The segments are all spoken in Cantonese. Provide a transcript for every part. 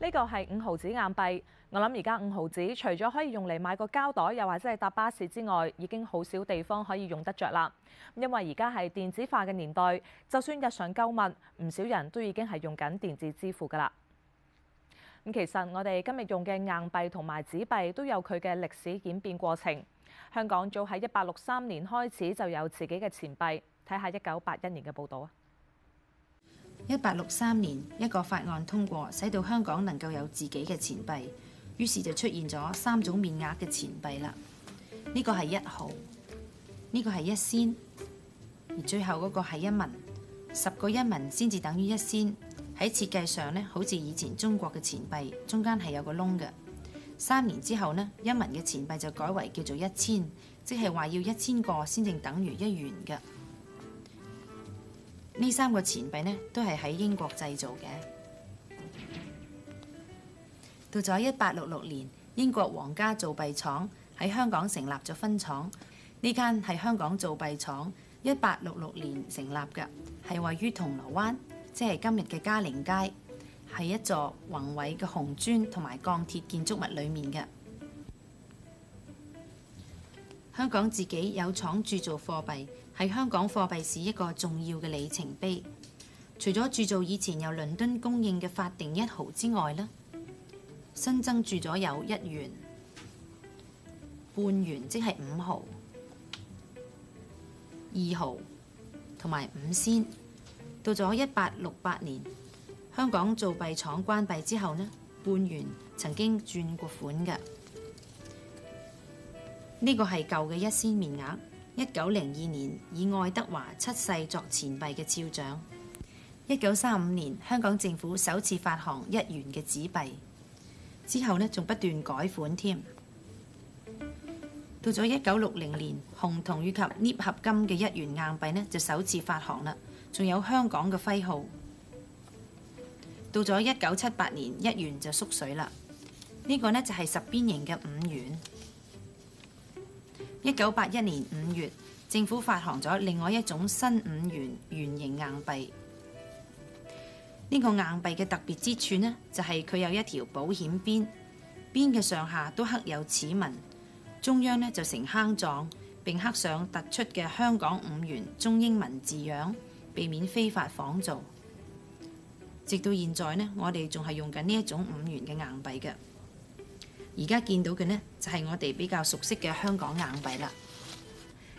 呢個係五毫紙硬幣，我諗而家五毫紙除咗可以用嚟買個膠袋，又或者係搭巴士之外，已經好少地方可以用得着啦。因為而家係電子化嘅年代，就算日常購物，唔少人都已經係用緊電子支付噶啦。咁其實我哋今日用嘅硬幣同埋紙幣都有佢嘅歷史演變過程。香港早喺一八六三年開始就有自己嘅錢幣，睇下一九八一年嘅報道啊。一八六三年，一個法案通過，使到香港能夠有自己嘅錢幣，於是就出現咗三種面額嘅錢幣啦。呢個係一毫，呢個係一仙，而最後嗰個係一文。十個一文先至等於一仙。喺設計上呢，好似以前中國嘅錢幣，中間係有個窿嘅。三年之後呢，一文嘅錢幣就改為叫做一千，即係話要一千個先至等於一元嘅。呢三個錢幣呢，都係喺英國製造嘅。到咗一八六六年，英國皇家造幣廠喺香港成立咗分廠。呢間係香港造幣廠，一八六六年成立嘅，係位於銅鑼灣，即係今日嘅加寧街，係一座宏偉嘅紅磚同埋鋼鐵建築物裡面嘅。香港自己有廠鑄造貨幣，係香港貨幣史一個重要嘅里程碑。除咗鑄造以前由倫敦供應嘅法定一毫之外呢，新增鑄咗有一元、半元，即係五毫、二毫同埋五仙。到咗一八六八年，香港造幣廠關閉之後呢，半元曾經轉過款嘅。呢個係舊嘅一仙面額，一九零二年以愛德華七世作錢幣嘅肖像，一九三五年香港政府首次發行一元嘅紙幣，之後呢仲不斷改款添。到咗一九六零年，紅銅以及鎳合金嘅一元硬幣呢就首次發行啦，仲有香港嘅徽號。到咗一九七八年，一元就縮水啦。呢、這個呢就係、是、十邊形嘅五元。一九八一年五月，政府發行咗另外一種新五元圓形硬幣。呢個硬幣嘅特別之處呢，就係佢有一條保險邊，邊嘅上下都刻有齒紋，中央呢就成坑狀，並刻上突出嘅香港五元中英文字樣，避免非法仿造。直到現在呢，我哋仲係用緊呢一種五元嘅硬幣嘅。而家見到嘅呢，就係、是、我哋比較熟悉嘅香港硬幣啦。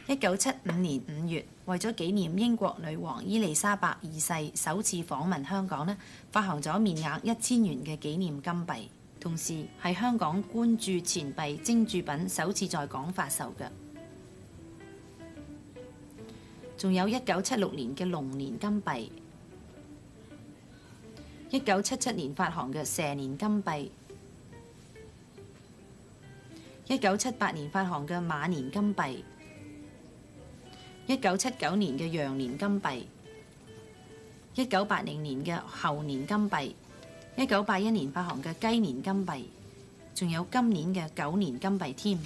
一九七五年五月，為咗紀念英國女王伊麗莎白二世首次訪問香港呢，發行咗面額一千元嘅紀念金幣，同時係香港官鑄錢幣精鑄品首次在港發售嘅。仲有一九七六年嘅龍年金幣，一九七七年發行嘅蛇年金幣。一九七八年發行嘅馬年金幣，一九七九年嘅羊年金幣，一九八零年嘅猴年金幣，一九八一年發行嘅雞年金幣，仲有今年嘅狗年金幣添。